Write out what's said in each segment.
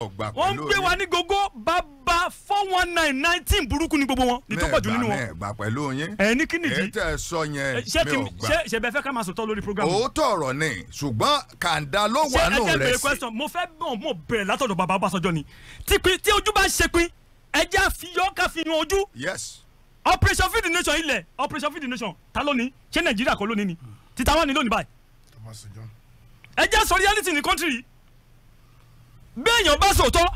wọ́n ń gbé wa ní gogo bàbá four one nine nineteen burúkú ni gbogbo wọn ni tó pọ̀ jù nínú wọn. mẹ́ẹ̀ gbà pẹ̀lú yín. ẹ ní kí nìdí ètò ẹ̀sọ́ yẹn mi ò gbà. ṣé ṣẹbẹ fẹ́ ká máa sọ̀tọ̀ lórí program. òótọ́ ọ̀rọ̀ ni ṣùgbọ́n kàńdá ló wà nù rẹ̀ sí. ṣé ẹ jẹ́ bèrè question mo fẹ́ bọ̀ mo bẹ̀rẹ̀ látọ̀dọ̀ bàbá Ọbásanjọ́ ni tí ojú bá ṣe pin ẹ jẹ́ àfihàn ká fi yan ojú. yes. operation feed the nation ilẹ̀ operation feed the nation ta ló ni ṣé Nàìjíríà kọ́ ló ni ni títà wọn ni lónìí báyìí. ẹ jẹ́ sọ reality ní country yìí béèyàn bá sòótọ́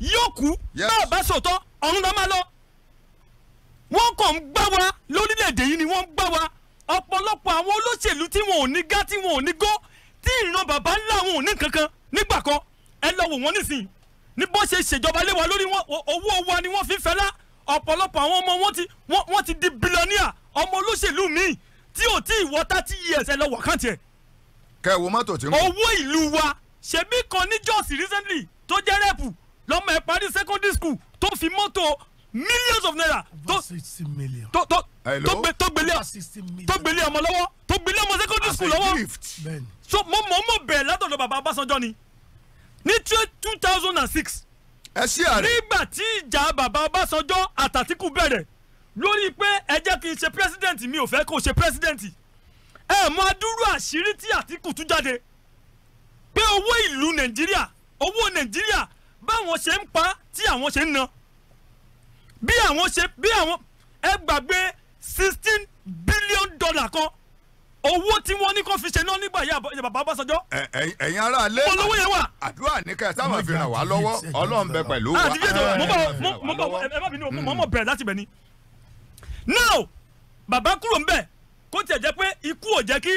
yóò kú bẹ́ẹ̀ bá sòótọ́ ọ̀run ló máa lọ. wọ́n kàn ń gbá wa lórílẹ̀‐èdè yìí ni wọ́n ń gbá wa ọ̀pọ̀lọpọ̀ àwọn olóṣèlú tí wọn ò ní gá tí wọn ò ní gó tí ìran bàbá ńlá wọn ò ní kankan nígbà kan ẹ lọ wò wọ́n nísìnyí ní bó ṣe ṣèjọba lé wa lórí owó wa ni wọ́n fi fẹ́lá ọ̀pọ̀lọpọ̀ àwọn ọmọ wọn ti wọ́n ti di bílíọ̀nìà ọmọ olóṣèlú míì tí ò tí ì wọ thirty years ẹ lọ wọ̀ kàn tiẹ̀. kẹ́ ẹ wo mọ́tò tí ń bọ̀. owó ìlú wa ṣebí kan ní jọ́ọ̀sì recently tó jẹ́ rẹ́pù lọ́mọ ẹ̀ parí secondary school tó fi mọ́tò millions of naira tó tó tó tó gbélé tó gbélé ọmọ lọ́wọ́ tó gbélé ọmọ secondary school lọ́wọ́ so mo mọ̀ mo bẹ̀rẹ̀ látọ̀dọ̀ bàbá Ọbásanjọ́ ni ní two thousand and six nígbà tí ìjà bàbá Ọbásanjọ́ àtàtìkù bẹ̀rẹ̀ lórí pé ẹ jẹ́ kí n ṣe president mi ò fẹ́ kó ṣe president ẹ̀ mọ adúrú àṣírí tí Àtìkù tú jáde pé owó ìlú nàìjíríà owó nàìjíríà báwọn ṣe ń pa tí àwọn ṣe ń ná bí àwọn ṣe bí àwọn ẹ gbàgbé sixteen billion dollar kan owó tí wọ́n ní kó fi ṣe náà nígbà yà bàbá Ọbásanjọ́. ẹ̀yin ará ilé olówó yẹn wà. àdúrà ní kẹ́ ẹ sábà fi ràn wá lọ́wọ́ ọlọ́run bẹ pẹ̀lú wa. àti ah, fíjọ́ mo bọ̀ mo bọ̀ ẹ má bínú mo hmm. mọ̀ bẹ̀rẹ̀ láti bẹ̀ ni. now bàbá kúrò ń bẹ̀ kó tiẹ̀ jẹ́ pé ikú ò jẹ́ kí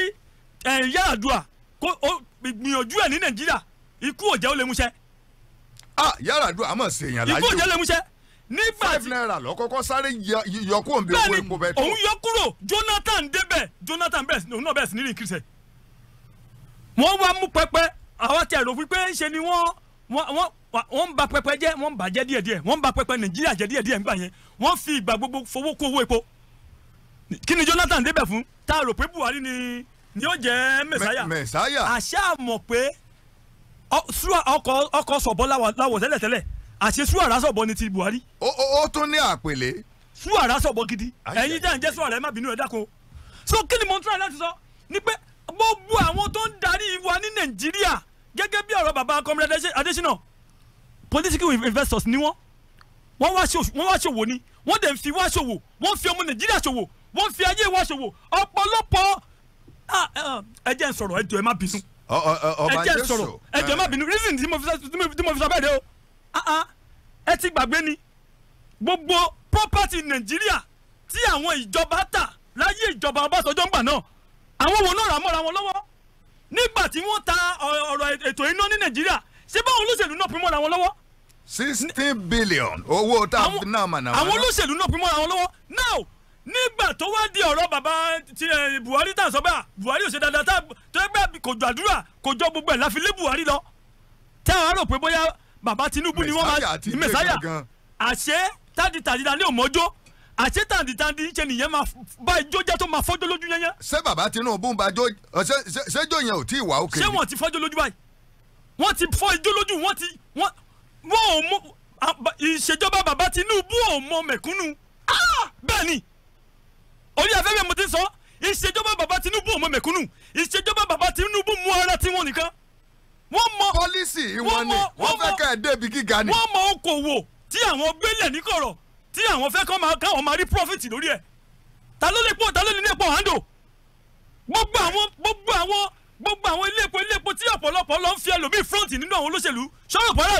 ẹ̀yà àdúrà gbìyànjú ẹ̀ ní nàìjíríà ikú òjẹ́ ó lè múṣẹ́. Ah, a yàrá dùn àmọ́ ṣe èèyàn láyé o ikú òjẹ́ lè múṣẹ́. nígbà tí five naira lọ́kọ́kọ́ sáré yọkúrò ń owó epo bẹ́ẹ̀ tó. òun yọkúrò Jonathan débẹ̀ Jonathan òun náà bẹ̀rẹ̀ sí ní rìn kìrìsẹ̀. wọ́n wá mú pẹpẹ àwọn tí a rò wípé ṣe ni wọ́n wọ́n wọ́n ń ba pẹpẹ jẹ́ wọ́n ń bàjẹ́ díẹ̀díẹ̀ wọ́n ń ba pẹpẹ Nàìjíríà jẹ́ díẹ̀díẹ̀ nígbà yẹn wọ́n fi ìgbà gbogbo fowó kó owó epo kí ni Jonathan débẹ̀ fún tá a rò pé Buhari ni ni ó jẹ́ mẹ̀sáyà mẹ̀sáyà àṣà mọ̀ pé ọkọ̀ sọ̀bọ láwọ̀ tẹ́lẹ̀tẹ́lẹ̀ àṣẹ suwara sọ̀bọ ni ti Buhari. ó ó tún ní àpèlé. suwara sọ̀bọ gidi ẹ̀yin jẹ́ ǹjẹ́ suwara ẹ̀ má bínú ẹ̀ dákun o so kí ni mo ń tún àlẹ́ ti sọ ni pé gbogbo àwọn tó ń darí wa ní Nàìjíríà gẹ́gẹ́ bí ọ̀rọ̀ bàbá Comrade Adésínà political investors ni wọ́n wọ́n wá ṣòwò ni wọ́n dẹ̀ ń fi wá ṣòwò wọ́n fi ọmọ Nàìjíríà ṣòwò wọ́n fi ayé wa ṣòwò ọ̀pọ̀lọpọ̀ Ah, eh, eh, ẹ jẹ́ n sọ̀rọ̀ ẹ jọ̀ọ́ ẹ má bínú ẹ jẹ́ n sọ̀rọ̀ ẹ jọ̀ọ́ ẹ má bínú reason tí mo fi sọ bẹ́ẹ̀ de o ah, ah, ẹ ti gbàgbé ni gbogbo property nàìjíríà tí àwọn ìjọba tà láyé ìjọba ọbásanjọ́ ńgbà náà àwọn wo náà rà wọn lọ́wọ́ nígbà tí wọ́n ta ọ̀rọ̀ ètò iná ní nàìjíríà ṣé báwọn olóṣèlú náà pín mọ́ra wọn lọ́wọ́. sixteen billion owó tá a fi náà mọ̀ náà. àwọn olóṣèlú náà pín mọ́ra wọn lọ́wọ́ now tó wá di ọ̀rọ̀ bàbá eh, Buhari tà sọ́gbà ah, Buhari ò dandan tá tó kò jọ àdúrà kò jọ gbogbo ẹ̀ láfi lé Buhari lọ tá a rò pé bóyá bàbá Tinubu ni wọ́n máa mẹ̀sáyà àṣẹ tàdítàdítà ní òmọ́jọ́ àṣẹ tàdítàdí ṣe nìyẹn máa bá ijó jẹ́ tó máa fọ́jọ́ lójú yẹn. ṣé bàbá Tinubu ń bàjọ́ ṣéjọ́ yẹn ò tí ì wà ókè. ṣé wọn ti fọ́jọ́ lójú báyìí wọn ti fọ́ ijó orí afẹ́fẹ́ mi mo ti sọ ìṣèjọba bàbá Tinubu ò mọ mẹ̀kúnnù ìṣèjọba bàbá Tinubu mú ara tí wọn nìkan wọ́n mọ pọ́lísì ìwọ ni wọ́n fẹ́ ká ẹ̀ débi gíga ni. wọ́n mọ okòwò tí àwọn gbélé ní kọ̀rọ̀ tí àwọn fẹ́ kọ́ máa káwọn máa rí profit lórí ẹ̀ ta ló lè pọ̀ ta ló lè ní epo hando gbogbo àwọn gbogbo àwọn gbogbo àwọn ilé epo ilé epo tí ọ̀pọ̀lọpọ̀ lọ ń fi ẹlòmíì front nínú àwọn olóṣèlú sọ̀rọ̀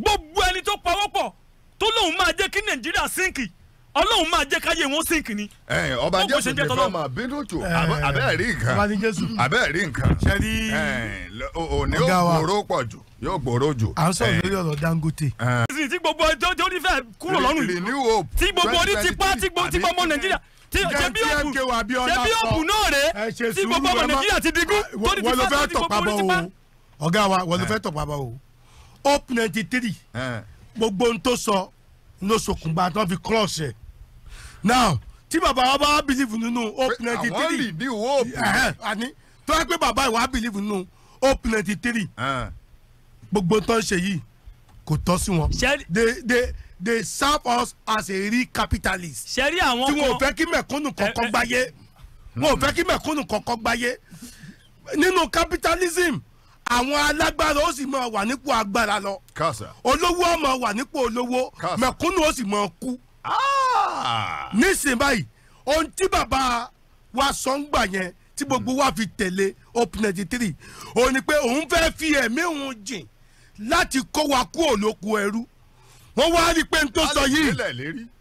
gbogbo ẹni tó pawọ́pọ̀ tó lóun máa jẹ́ kí nàìjíríà sínkì ọlọ́run máa jẹ́ káyé wọn sínkì ni. ọba jésù ní fọmà bínú tó abẹ́ẹ̀ rí nǹkan abẹ́ẹ̀ rí nǹkan sẹ́ni òní yóò gbòòrò pọ̀ jù yóò gbòòrò jù. à ń sọ̀rọ̀ lórí ọ̀rọ̀ Dangote. ẹ̀sìn tí gbogbo ẹjọ́ tó ní fẹ́ kúrò lọ́rùn yìí tí gbogbo orí ti pa tí gbogbo ọmọ nàìjíríà jẹbi òkú jẹbi òkú náà rè tí gbogbo ọmọ nàìjíríà ti digun tó ní ti fẹ́ tó ti gbogbo orí ti pa. ọ̀gá wa wọ́n ló fẹ́ tọ̀pá bá o hope ninety three gbogbo ohun tó sọ ló ṣokùnbà tó fi cross ẹ now tí bàbá wa bá believe nínú hope ninety three àwọn lè bí hope àní tó yẹ pé bàbá ìwà believe nínú hope ninety three gbogbo tó ń ṣe yìí kò tọ́ sí wọn they they they serve us as a real capitalist tí wọn ò fẹ́ kí mẹ̀kúnnù kọ̀ọ̀kan gbáyé wọn ò fẹ́ kí mẹ̀kúnnù kọ̀ọ̀kan gbáyé nínú capitalism àwọn alágbára ó sì máa wà nípò agbára lọ olówó ó máa wà nípò olówó mẹ̀kúnnù ó sì máa kú ah! nísìnyí báyìí ohun tí bàbá wa sọ ń gbà yẹn tí gbogbo wa fi tẹ̀lé open ninety three òun ni pé òun fẹ́ fi ẹ̀mí òun jìn láti kó wa kú òlòkù ẹrú wọ́n wá rí i pé n tó sọ yìí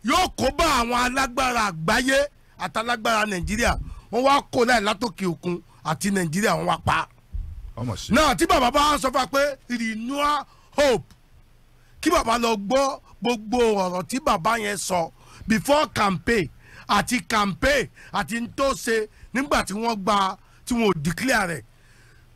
yóò kó bá àwọn alágbára àgbáyé àtàlágbára nàìjíríà wọ́n wá kó láì látòkè òkun àti nàìjíríà wọ́n wá pa náà tí bàbá bá sọ fún wa pé renew hope kí bàbá lọ gbọ́ gbogbo ọ̀rọ̀ tí bàbá yẹn sọ before campaign àti campaign àti n tó ṣe nígbà tí wọ́n gba tí wọ́n declare rẹ̀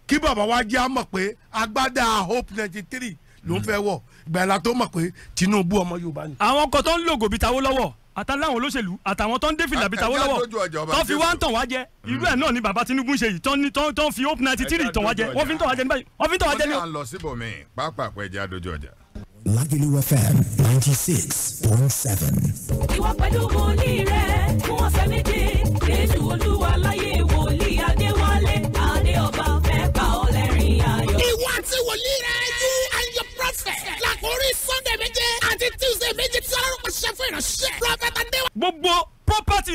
kí bàbá wa jẹ́ àmọ̀ pé agbádá hope ninety three ló ń fẹ́ wọ̀ gbàlá tó mọ̀ pé Tinubu ọmọ Yorùbá ni. àwọn kan tó ń lògò bíi tawó lọ́wọ́ àtàláwọn olóṣèlú àtàwọn tó ń dé fìlà tàwọn lọ́wọ́ tó fi wá ń tàn wá jẹ mm. irú ẹ̀ náà ni bàbá Tinubu ṣe yìí tó ń fi hope ninety three tàn wá jẹ wọ́n fi ń tàn wá jẹ níbàyìí wọ́n fi ń tàn wá jẹ ní. wọ́n ní à ń lọ síbòmí pápá àpẹja dojú ọjà. Lágìlú FM ninety six point seven. ìwà pẹ̀lú wòlíì rẹ̀ fún ọ̀sẹ̀ méje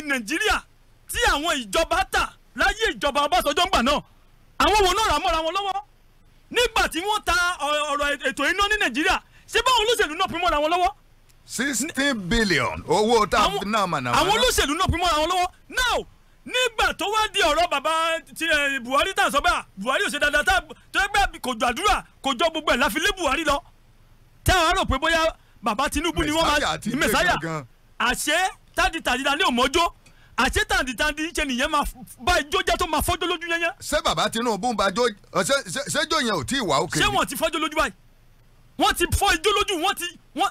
nàìjíríà tí àwọn ìjọba tà láyé ìjọba ọbásanjọ́ ńgbà náà àwọn wo náà rà mọ́ra wọn lọ́wọ́ nígbà tí wọ́n ta ọ̀rọ̀ ètò iná ní nàìjíríà ṣé báwọn olóṣèlú náà pín mọ́ra wọn lọ́wọ́. sixteen billion owó tá a fi náà mà náà. àwọn olóṣèlú náà pín mọ́ra wọn lọ́wọ́ now nígbà tó wá di ọ̀rọ̀ bàbá ti eh, buhari tà sọ́bà ah, buhari ò ṣe dáadáa tá tó ẹgbẹ́ kò jọ àdúrà kò jọ gbogbo ẹ̀ láfi lé buhari lọ tá a rò pé bóyá bàbá tinubu ni wọ́n máa mẹ́sáyà àṣẹ tádìtàdìtà ní òmòjó àṣé tàdìtàdì ṣe nìyẹn máa bá ijó jẹ́ tó máa fọ́jọ́ lójú yẹn yẹn. ṣé bàbá Tinubu ń bajó ṣé ṣé jó yẹn ò tí ì wá òkè. ṣé wọn ti fọ́jọ́ lójú báyìí wọn ti fọ́ ijó lójú wọn ti wọn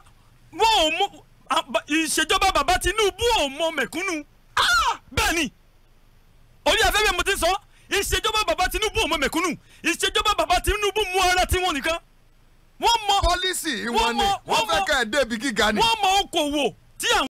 wọn ò mọ ìṣèjọba bàbá Tinubu ò mọ mẹ̀kúnnù ah! bẹ́ẹ̀ ni orí afẹ́fẹ́ mo ti sọ ìṣèjọba bàbá Tinubu ò mọ mẹ̀kúnnù ìṣèjọba bàbá Tinubu mú ara tiwọn nìkan wọ́n mọ pọ́lísì ìwọ